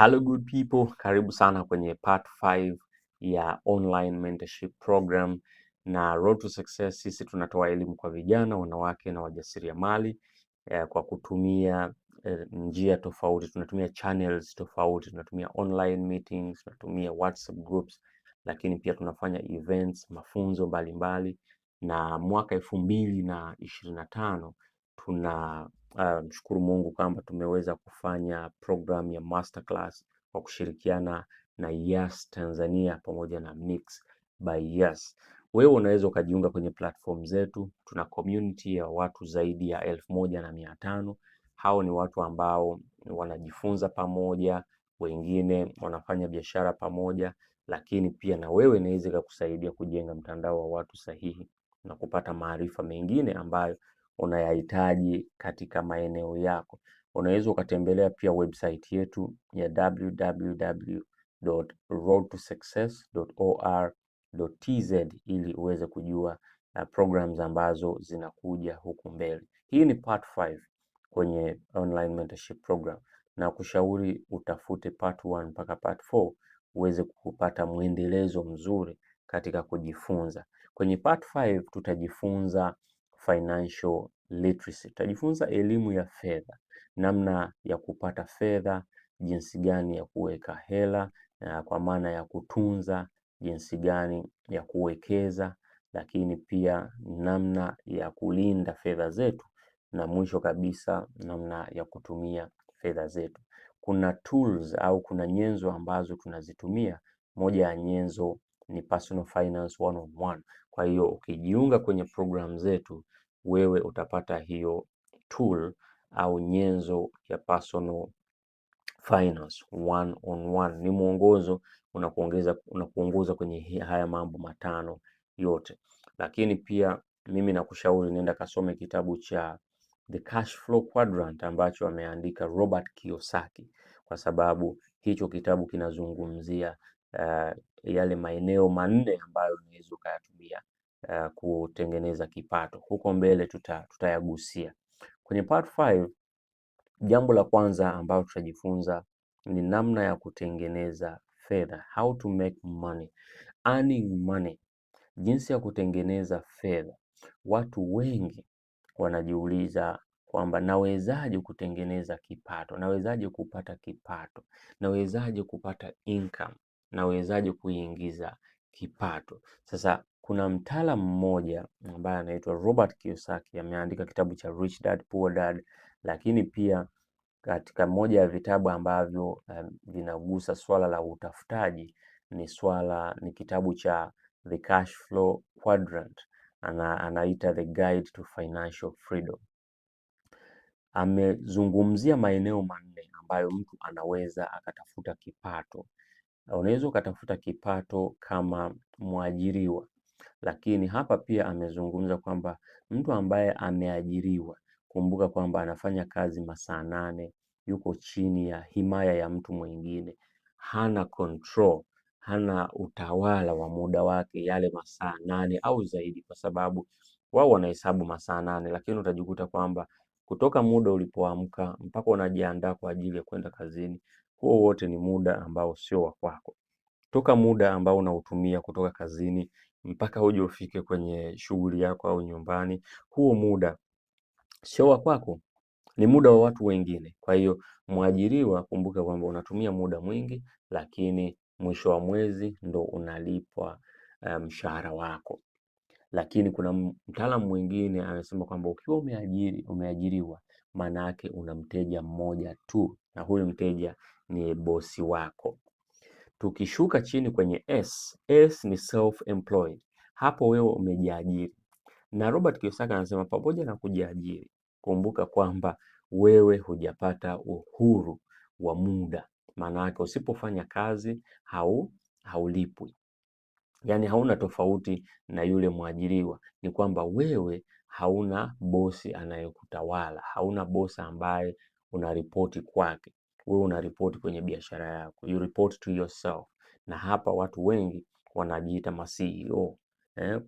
Hello good people, karibu sana kwenye part 5 ya online mentorship program na Road to Success. Sisi tunatoa elimu kwa vijana, wanawake na wajasiriamali eh, kwa kutumia eh, njia tofauti. Tunatumia channels tofauti, tunatumia online meetings, tunatumia WhatsApp groups, lakini pia tunafanya events, mafunzo mbalimbali mbali. Na mwaka elfu mbili na ishirini na tano tuna Uh, mshukuru Mungu kwamba tumeweza kufanya program ya masterclass kwa kushirikiana na Yas Tanzania pamoja na Mix by Yas. Wewe unaweza ukajiunga kwenye platform zetu. Tuna community ya watu zaidi ya elfu moja na mia tano. Hao ni watu ambao wanajifunza pamoja, wengine wanafanya biashara pamoja, lakini pia na wewe inaweza ikakusaidia kujenga mtandao wa watu sahihi na kupata maarifa mengine ambayo unayahitaji katika maeneo yako. Unaweza ukatembelea pia website yetu ya www.roadtosuccess.or.tz ili uweze kujua uh, programs ambazo zinakuja huku mbele. Hii ni part 5 kwenye online mentorship program na kushauri utafute part 1 mpaka part 4 uweze kupata mwendelezo mzuri katika kujifunza. Kwenye part 5 tutajifunza financial literacy. Tutajifunza elimu ya fedha, namna ya kupata fedha, jinsi gani ya kuweka hela na kwa maana ya kutunza, jinsi gani ya kuwekeza, lakini pia namna ya kulinda fedha zetu, na mwisho kabisa namna ya kutumia fedha zetu. Kuna tools au kuna nyenzo ambazo tunazitumia. Moja ya nyenzo ni Personal Finance 101. Kwa hiyo ukijiunga kwenye program zetu wewe utapata hiyo tool au nyenzo ya personal finance one on one. Ni mwongozo unakuongeza unakuongoza kwenye haya mambo matano yote, lakini pia mimi nakushauri nenda kasome kitabu cha The Cash Flow Quadrant ambacho ameandika Robert Kiyosaki, kwa sababu hicho kitabu kinazungumzia uh, yale maeneo manne ambayo unaweza ukayatumia uh, kutengeneza kipato. Huko mbele tuta, tutayagusia. Kwenye part 5 jambo la kwanza ambalo tutajifunza ni namna ya kutengeneza fedha, how to make money, earning money, jinsi ya kutengeneza fedha. Watu wengi wanajiuliza kwamba nawezaje kutengeneza kipato, nawezaje kupata kipato, nawezaje kupata income, nawezaje kuingiza kipato. Sasa kuna mtaalamu mmoja ambaye anaitwa Robert Kiyosaki ameandika kitabu cha Rich Dad Poor Dad, lakini pia katika moja ya vitabu ambavyo eh, vinagusa um, swala la utafutaji ni swala ni kitabu cha The Cash Flow Quadrant ana, anaita The Guide to Financial Freedom. Amezungumzia maeneo manne ambayo mtu anaweza akatafuta kipato. Unaweza ukatafuta kipato kama mwajiriwa lakini hapa pia amezungumza kwamba mtu ambaye ameajiriwa, kumbuka kwamba anafanya kazi masaa nane, yuko chini ya himaya ya mtu mwingine, hana control, hana utawala wa muda wake, yale masaa nane au zaidi, kwa sababu wao wanahesabu masaa nane, lakini utajikuta kwamba kutoka muda ulipoamka mpaka unajiandaa kwa ajili ya kwenda kazini, huo wote ni muda ambao sio wa kwako. Toka muda ambao unautumia kutoka kazini mpaka uje ufike kwenye shughuli yako au nyumbani. Huo muda sio wa kwako, ni muda wa watu wengine. Kwa hiyo mwajiriwa, kumbuka kwamba unatumia muda mwingi, lakini mwisho wa mwezi ndo unalipwa eh, mshahara um, wako. Lakini kuna mtaalamu mwingine anasema kwamba ukiwa umeajiri, umeajiriwa maana yake una mteja mmoja tu, na huyu mteja ni bosi wako. Tukishuka chini kwenye S, S ni self employed, hapo wewe umejiajiri. Na Robert Kiyosaki anasema pamoja na kujiajiri, kumbuka kwamba wewe hujapata uhuru wa muda. Maana yake usipofanya kazi hau haulipwi, yaani hauna tofauti na yule mwajiriwa. Ni kwamba wewe hauna bosi anayekutawala, hauna bosi ambaye unaripoti kwake wewe unaripoti kwenye biashara yako, you report to yourself. Na hapa watu wengi wanajiita ma CEO eh?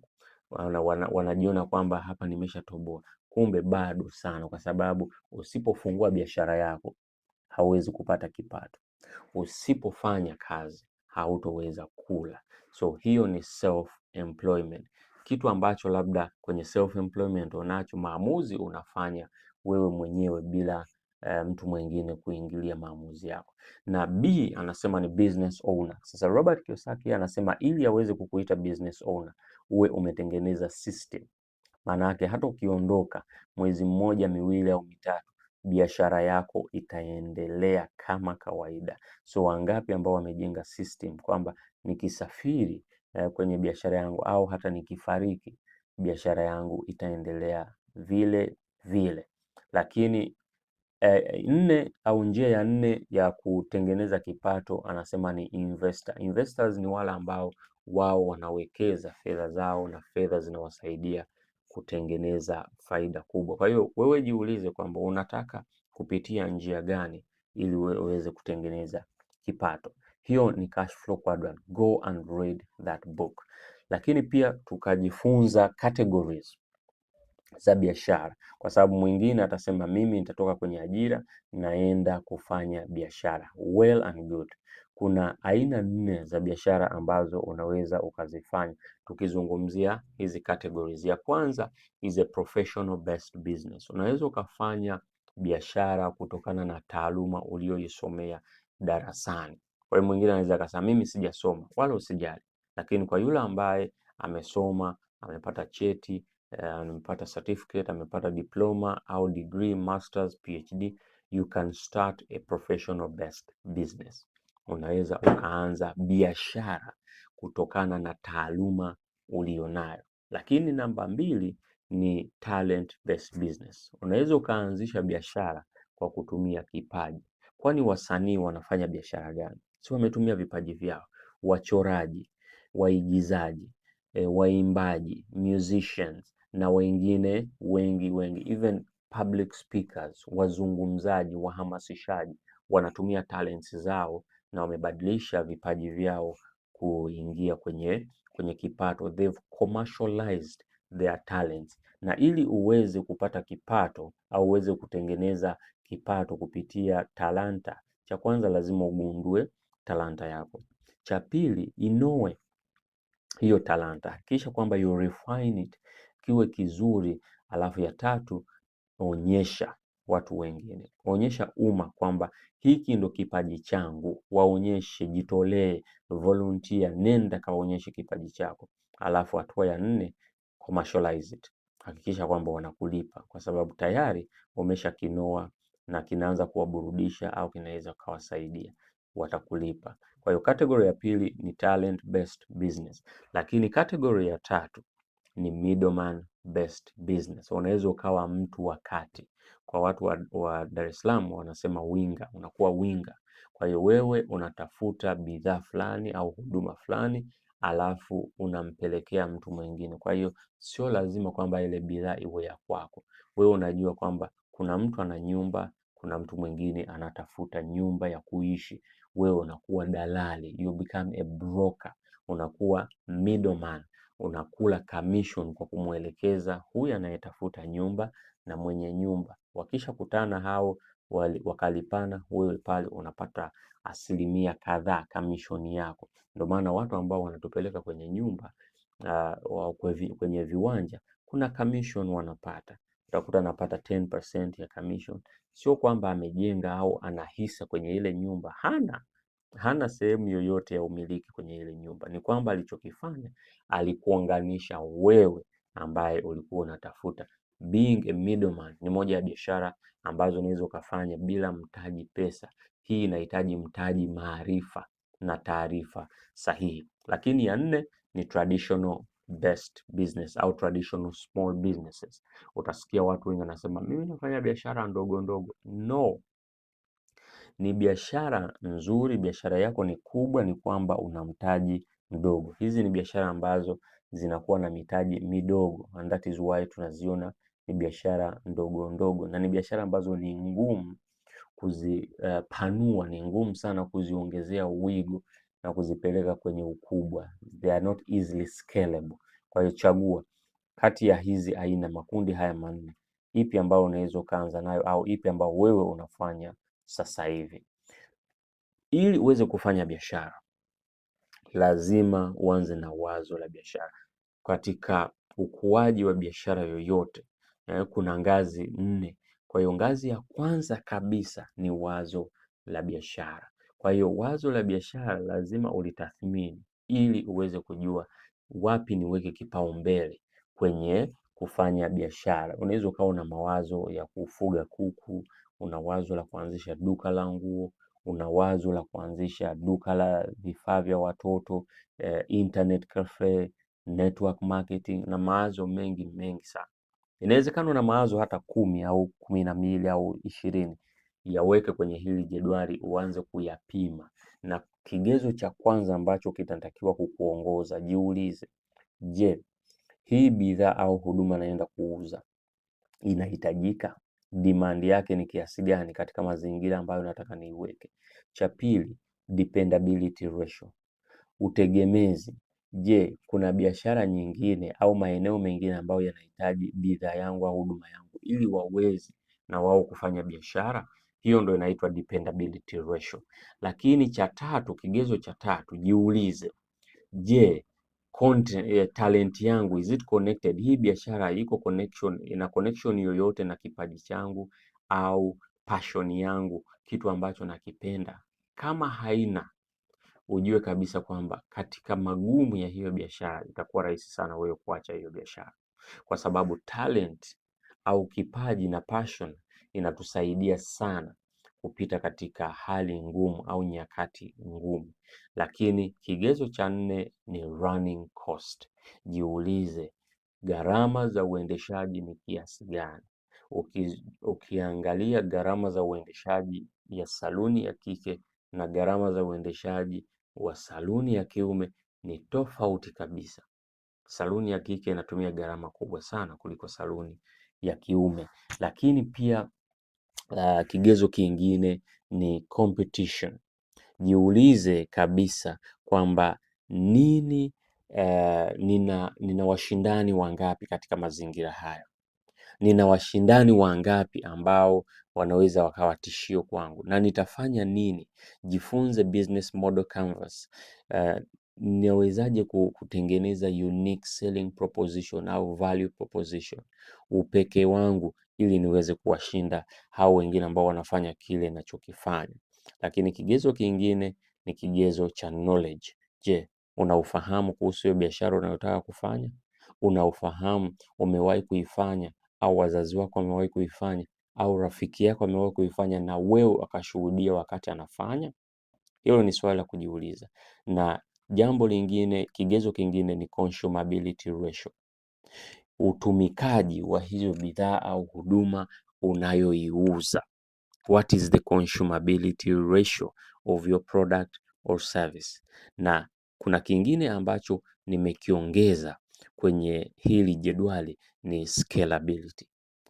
Wana, wana, wanajiona kwamba hapa nimeshatoboa, kumbe bado sana, kwa sababu usipofungua biashara yako hauwezi kupata kipato, usipofanya kazi hautoweza kula. So hiyo ni self employment, kitu ambacho labda kwenye self employment unacho maamuzi unafanya wewe mwenyewe bila e, mtu mwingine kuingilia maamuzi yako. Na B anasema ni business owner. Sasa Robert Kiyosaki anasema ili aweze kukuita business owner uwe umetengeneza system. Maana yake hata ukiondoka mwezi mmoja, miwili au mitatu, biashara yako itaendelea kama kawaida. So wangapi ambao wamejenga system kwamba nikisafiri e, kwenye biashara yangu au hata nikifariki biashara yangu itaendelea vile vile, lakini e, nne au njia ya nne ya kutengeneza kipato anasema ni investor. Investors ni wale ambao wao wanawekeza fedha zao na fedha zinawasaidia kutengeneza faida kubwa. Kwa hiyo wewe jiulize kwamba unataka kupitia njia gani ili uweze kutengeneza kipato. Hiyo ni cash flow quadrant. Go and read that book. Lakini pia tukajifunza categories za biashara, kwa sababu mwingine atasema mimi nitatoka kwenye ajira naenda kufanya biashara. Well and good. Kuna aina nne za biashara ambazo unaweza ukazifanya, tukizungumzia hizi categories. Ya kwanza is a professional based business. Unaweza ukafanya biashara kutokana na taaluma uliyoisomea darasani. Kwa hiyo mwingine anaweza akasema mimi sijasoma, wala usijali, lakini kwa yule ambaye amesoma, amepata cheti Eh, amepata certificate, amepata diploma au degree, masters, PhD, you can start a professional based business. Unaweza ukaanza biashara kutokana na taaluma ulionayo. Lakini namba mbili ni talent based business. Unaweza ukaanzisha biashara kwa kutumia kipaji. Kwani wasanii wanafanya biashara gani? Si wametumia vipaji vyao? Wachoraji, waigizaji, e, waimbaji musicians, na wengine wengi wengi, even public speakers, wazungumzaji, wahamasishaji wanatumia talents zao na wamebadilisha vipaji vyao kuingia kwenye kwenye kipato. They've commercialized their talents. Na ili uweze kupata kipato au uweze kutengeneza kipato kupitia talanta, cha kwanza lazima ugundue talanta yako. Cha pili, inoe hiyo talanta, hakikisha kwamba you refine it kiwe kizuri. Alafu ya tatu, onyesha watu wengine, onyesha umma kwamba hiki ndo kipaji changu. Waonyeshe, jitolee, volunteer, nenda kaonyeshe kipaji chako. Alafu hatua ya nne, commercialize it. Hakikisha kwamba wanakulipa kwa sababu tayari umesha kinoa na kinaanza kuwaburudisha au kinaweza kawasaidia, watakulipa. Kwa hiyo kategoria ya pili ni talent based business, lakini kategori ya tatu ni middleman best business. Unaweza ukawa mtu wa kati. Kwa watu wa, wa Dar es Salaam wanasema winga, unakuwa winga. Kwa hiyo wewe unatafuta bidhaa fulani au huduma fulani alafu unampelekea mtu mwingine. Kwa hiyo sio lazima kwamba ile bidhaa iwe ya kwako. Wewe unajua kwamba kuna mtu ana nyumba, kuna mtu mwingine anatafuta nyumba ya kuishi. Wewe unakuwa dalali, you become a broker, unakuwa middleman unakula commission kwa kumwelekeza huyu anayetafuta nyumba na mwenye nyumba. Wakisha kutana hao wakalipana, wewe pale unapata asilimia kadhaa commission yako. Ndio maana watu ambao wanatupeleka kwenye nyumba uh, kwenye viwanja kuna commission wanapata, utakuta anapata 10% ya commission. Sio kwamba amejenga au ana hisa kwenye ile nyumba, hana hana sehemu yoyote ya umiliki kwenye ile nyumba. Ni kwamba alichokifanya alikuunganisha wewe ambaye ulikuwa unatafuta. Being a middleman ni moja ya biashara ambazo unaweza ukafanya bila mtaji pesa. Hii inahitaji mtaji maarifa na taarifa sahihi. Lakini ya nne ni traditional best business au traditional small businesses. Utasikia watu wengi wanasema mimi nafanya biashara ndogo ndogo. No, ni biashara nzuri, biashara yako ni kubwa, ni kwamba una mtaji mdogo. Hizi ni biashara ambazo zinakuwa na mitaji midogo, and that is why tunaziona ni biashara ndogo ndogo, na ni biashara ambazo ni ngumu kuzipanua, uh, ni ngumu sana kuziongezea uwigo na kuzipeleka kwenye ukubwa, they are not easily scalable. Kwa hiyo chagua kati ya hizi aina, makundi haya manne, ipi ambayo unaweza ukaanza nayo au ipi ambayo wewe unafanya sasa hivi. Ili uweze kufanya biashara, lazima uanze na wazo la biashara. Katika ukuaji wa biashara yoyote eh, kuna ngazi nne. Kwa hiyo ngazi ya kwanza kabisa ni wazo la biashara. Kwa hiyo wazo la biashara lazima ulitathmini ili uweze kujua wapi niweke kipaumbele kwenye kufanya biashara. Unaweza ukawa na mawazo ya kufuga kuku, una wazo la kuanzisha duka la nguo, una wazo la kuanzisha duka la vifaa vya watoto eh, internet cafe, network marketing na mawazo mengi mengi sana. Inawezekana una mawazo hata kumi au kumi na mbili au ishirini, yaweke kwenye hili jedwali, uanze kuyapima. Na kigezo cha kwanza ambacho kitatakiwa kukuongoza, jiulize, je, hii bidhaa au huduma naenda kuuza inahitajika? demand yake ni kiasi gani katika mazingira ambayo nataka niiweke. Cha pili, dependability ratio, utegemezi. Je, kuna biashara nyingine au maeneo mengine ambayo yanahitaji bidhaa yangu au huduma yangu ili waweze na wao kufanya biashara? Hiyo ndo inaitwa dependability ratio. Lakini cha tatu, kigezo cha tatu, jiulize, je, content, eh, talent yangu is it connected? Hii biashara iko connection, ina connection yoyote na kipaji changu au passion yangu, kitu ambacho nakipenda? Kama haina, ujue kabisa kwamba katika magumu ya hiyo biashara itakuwa rahisi sana wewe kuacha hiyo biashara, kwa sababu talent au kipaji na passion inatusaidia sana kupita katika hali ngumu au nyakati ngumu. Lakini kigezo cha nne ni running cost. Jiulize, gharama za uendeshaji ni kiasi gani? Uki, ukiangalia gharama za uendeshaji ya saluni ya kike na gharama za uendeshaji wa saluni ya kiume ni tofauti kabisa. Saluni ya kike inatumia gharama kubwa sana kuliko saluni ya kiume, lakini pia Uh, kigezo kingine ni competition. Jiulize kabisa kwamba nini uh, nina, nina washindani wangapi katika mazingira hayo nina washindani wangapi ambao wanaweza wakawa tishio kwangu na nitafanya nini? Jifunze business model canvas. Uh, ninawezaje kutengeneza unique selling proposition au value proposition? Upekee wangu ili niweze kuwashinda hao wengine ambao wanafanya kile ninachokifanya. Lakini kigezo kingine ni kigezo cha knowledge. Je, unaufahamu kuhusu hiyo biashara unayotaka kufanya? Unaufahamu, umewahi kuifanya au wazazi wako wamewahi kuifanya au rafiki yako amewahi kuifanya na wewe akashuhudia wakati anafanya? Hilo ni swali la kujiuliza. Na jambo lingine, kigezo kingine ni consumability ratio utumikaji wa hizo bidhaa au huduma unayoiuza. What is the consumability ratio of your product or service? Na kuna kingine ambacho nimekiongeza kwenye hili jedwali ni scalability.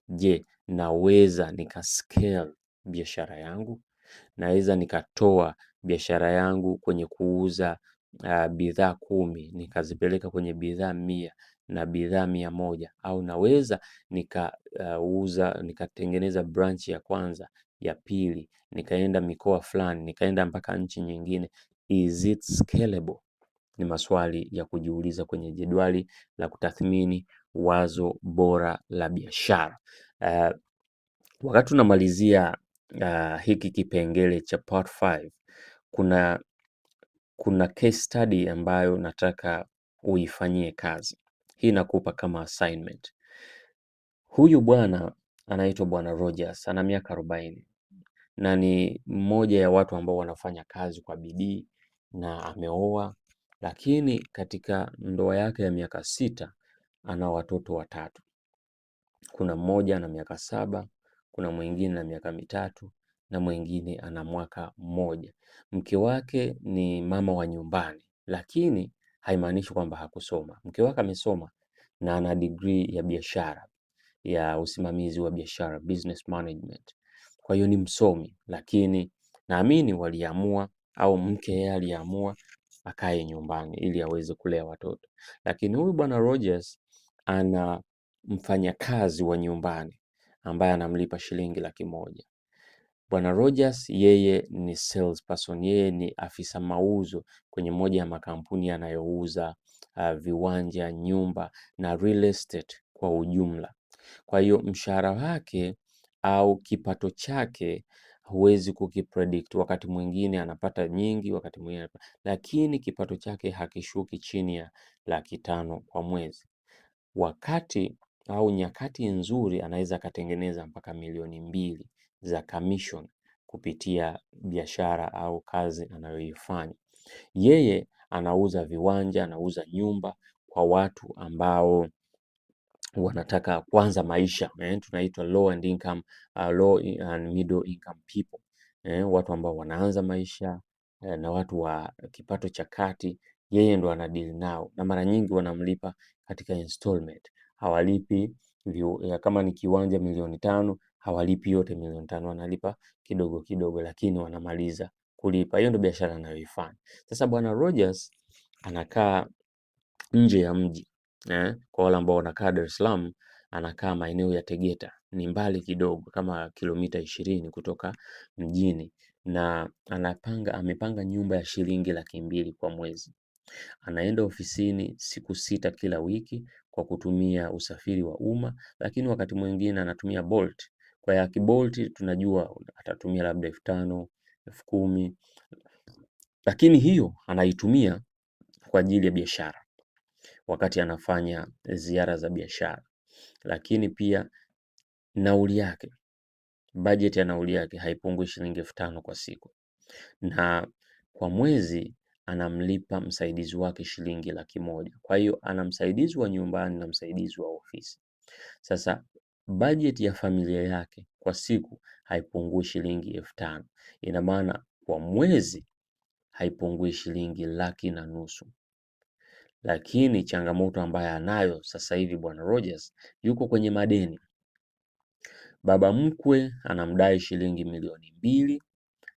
Je, naweza scale biashara yangu? Naweza nikatoa biashara yangu kwenye kuuza uh, bidhaa kumi nikazipeleka kwenye bidhaa mia na bidhaa mia moja au naweza nikauza uh, nikatengeneza branch ya kwanza ya pili nikaenda mikoa fulani nikaenda mpaka nchi nyingine. Is it scalable? Ni maswali ya kujiuliza kwenye jedwali la kutathmini wazo bora la biashara. Uh, wakati tunamalizia uh, hiki kipengele cha part 5 kuna, kuna case study ambayo nataka uifanyie kazi. Hii nakupa kama assignment. Huyu bwana anaitwa Bwana Rogers, ana miaka arobaini na ni mmoja ya watu ambao wanafanya kazi kwa bidii na ameoa, lakini katika ndoa yake ya miaka sita ana watoto watatu. Kuna mmoja ana miaka saba, kuna mwingine ana miaka mitatu na mwingine ana mwaka mmoja. Mke wake ni mama wa nyumbani, lakini haimaanishi kwamba hakusoma. Mke wake amesoma na ana degree ya biashara ya usimamizi wa biashara, business management. Kwa hiyo ni msomi, lakini naamini waliamua au mke yeye aliamua akae nyumbani ili aweze kulea watoto, lakini huyu bwana Rogers ana mfanyakazi wa nyumbani ambaye anamlipa shilingi laki moja. Bwana Rogers yeye ni person, yeye ni afisa mauzo kwenye moja ya makampuni yanayouza uh, viwanja, nyumba na real estate kwa ujumla. Kwa hiyo mshahara wake au kipato chake huwezi kukipredict. Wakati mwingine anapata nyingi, wakati mwingine anapata, lakini kipato chake hakishuki chini ya laki tano kwa mwezi. Wakati au nyakati nzuri anaweza akatengeneza mpaka milioni mbili za commission kupitia biashara au kazi anayoifanya. Yeye anauza viwanja, anauza nyumba kwa watu ambao wanataka kuanza maisha eh, tunaitwa low and income, uh, low and middle income people eh, watu ambao wanaanza maisha eh, na watu wa kipato cha kati. Yeye ndo anadili nao, na mara nyingi wanamlipa katika installment, hawalipi eh, kama ni kiwanja milioni tano hawalipi yote milioni tano, wanalipa kidogo kidogo, lakini wanamaliza kulipa. Hiyo ndio biashara anayoifanya. Sasa bwana Rogers anakaa nje ya mji eh? Kwa wale ambao wanakaa Dar es Salaam, anakaa maeneo ya Tegeta, ni mbali kidogo, kama kilomita ishirini kutoka mjini, na anapanga amepanga nyumba ya shilingi laki mbili kwa mwezi. Anaenda ofisini siku sita kila wiki kwa kutumia usafiri wa umma, lakini wakati mwingine anatumia Bolt kwa ya kibolt tunajua atatumia labda elfu tano elfu kumi lakini hiyo anaitumia kwa ajili ya biashara, wakati anafanya ziara za biashara. Lakini pia nauli yake, bajeti ya nauli yake haipungui shilingi elfu tano kwa siku, na kwa mwezi anamlipa msaidizi wake shilingi laki moja. Kwa hiyo ana msaidizi wa nyumbani na msaidizi wa ofisi. Sasa bajeti ya familia yake kwa siku haipungui shilingi elfu tano. Ina maana kwa mwezi haipungui shilingi laki na nusu. Lakini changamoto ambayo anayo sasa hivi bwana Rogers yuko kwenye madeni. Baba mkwe anamdai shilingi milioni mbili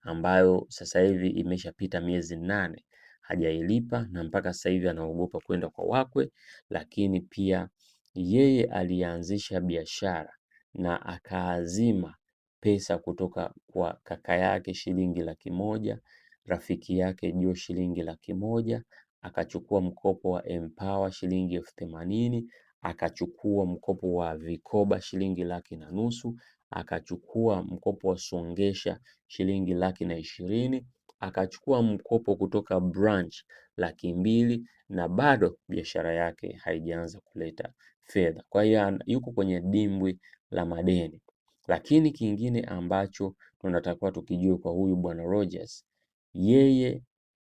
ambayo sasa hivi imeshapita miezi nane hajailipa, na mpaka sasa hivi anaogopa kwenda kwa wakwe, lakini pia yeye alianzisha biashara na akaazima pesa kutoka kwa kaka yake shilingi laki moja, rafiki yake Jo shilingi laki moja, akachukua mkopo wa Empower shilingi elfu themanini, akachukua mkopo wa Vikoba shilingi laki na nusu, akachukua mkopo wa Songesha shilingi laki na ishirini, akachukua mkopo kutoka Branch laki mbili na bado biashara yake haijaanza kuleta fedha. Kwa hiyo yuko kwenye dimbwi la madeni. Lakini kingine ambacho tunatakiwa tukijue kwa huyu bwana Rogers, yeye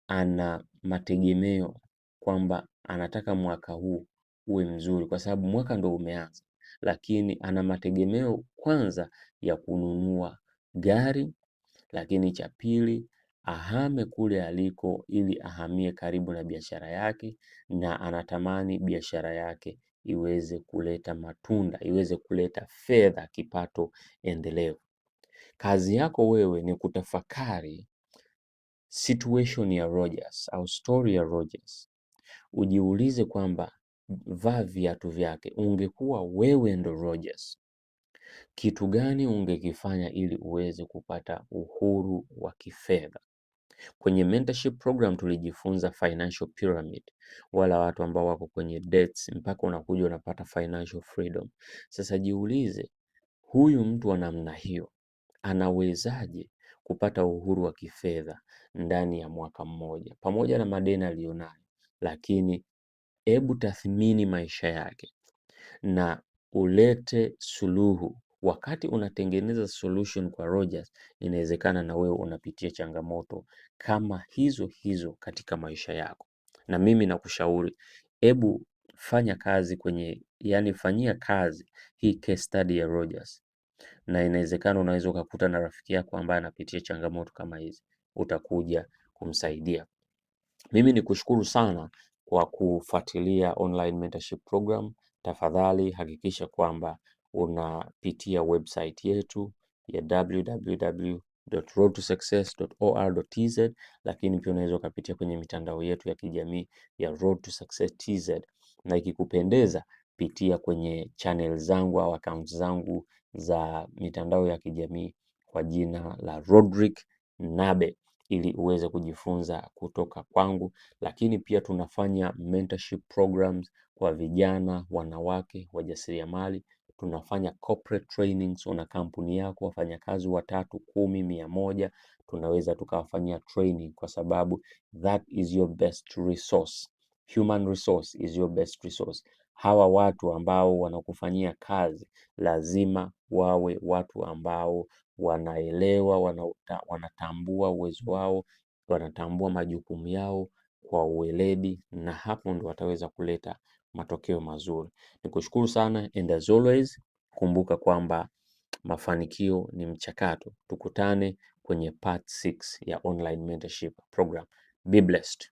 ana mategemeo kwamba anataka mwaka huu uwe mzuri, kwa sababu mwaka ndo umeanza, lakini ana mategemeo kwanza ya kununua gari, lakini cha pili ahame kule aliko ili ahamie karibu na biashara yake, na anatamani biashara yake iweze kuleta matunda, iweze kuleta fedha, kipato endelevu. Kazi yako wewe ni kutafakari situation ya Rogers au story ya Rogers. Ujiulize kwamba vaa viatu vyake, ungekuwa wewe ndo Rogers, kitu gani ungekifanya ili uweze kupata uhuru wa kifedha? Kwenye mentorship program tulijifunza financial pyramid, wala watu ambao wako kwenye debts mpaka unakuja unapata financial freedom. Sasa jiulize, huyu mtu wa namna hiyo anawezaje kupata uhuru wa kifedha ndani ya mwaka mmoja pamoja na madeni aliyonayo? Lakini hebu tathmini maisha yake na ulete suluhu wakati unatengeneza solution kwa Rogers, inawezekana na wewe unapitia changamoto kama hizo hizo katika maisha yako, na mimi nakushauri hebu fanya kazi kwenye, yani fanyia kazi hii case study ya Rogers, na inawezekana unaweza ukakuta na rafiki yako ambaye anapitia changamoto kama hizi, utakuja kumsaidia. Mimi ni kushukuru sana kwa kufuatilia online mentorship program. Tafadhali hakikisha kwamba unapitia website yetu ya www.roadtosuccess.or.tz, lakini pia unaweza ukapitia kwenye mitandao yetu ya kijamii ya Road to Success TZ, na ikikupendeza pitia kwenye channel zangu au account zangu za mitandao ya kijamii kwa jina la Rodrick Nabe ili uweze kujifunza kutoka kwangu, lakini pia tunafanya mentorship programs kwa vijana, wanawake, wajasiriamali tunafanya corporate trainings. Una kampuni yako wafanyakazi watatu, kumi, mia moja, tunaweza tukawafanyia training kwa sababu that is your best resource. Human resource is your best resource. Hawa watu ambao wanakufanyia kazi lazima wawe watu ambao wanaelewa, wanatambua uwezo wao, wanatambua majukumu yao kwa uweledi, na hapo ndo wataweza kuleta matokeo mazuri. Nikushukuru sana and as always, kumbuka kwamba mafanikio ni mchakato. Tukutane kwenye part 6 ya online mentorship program. Be blessed.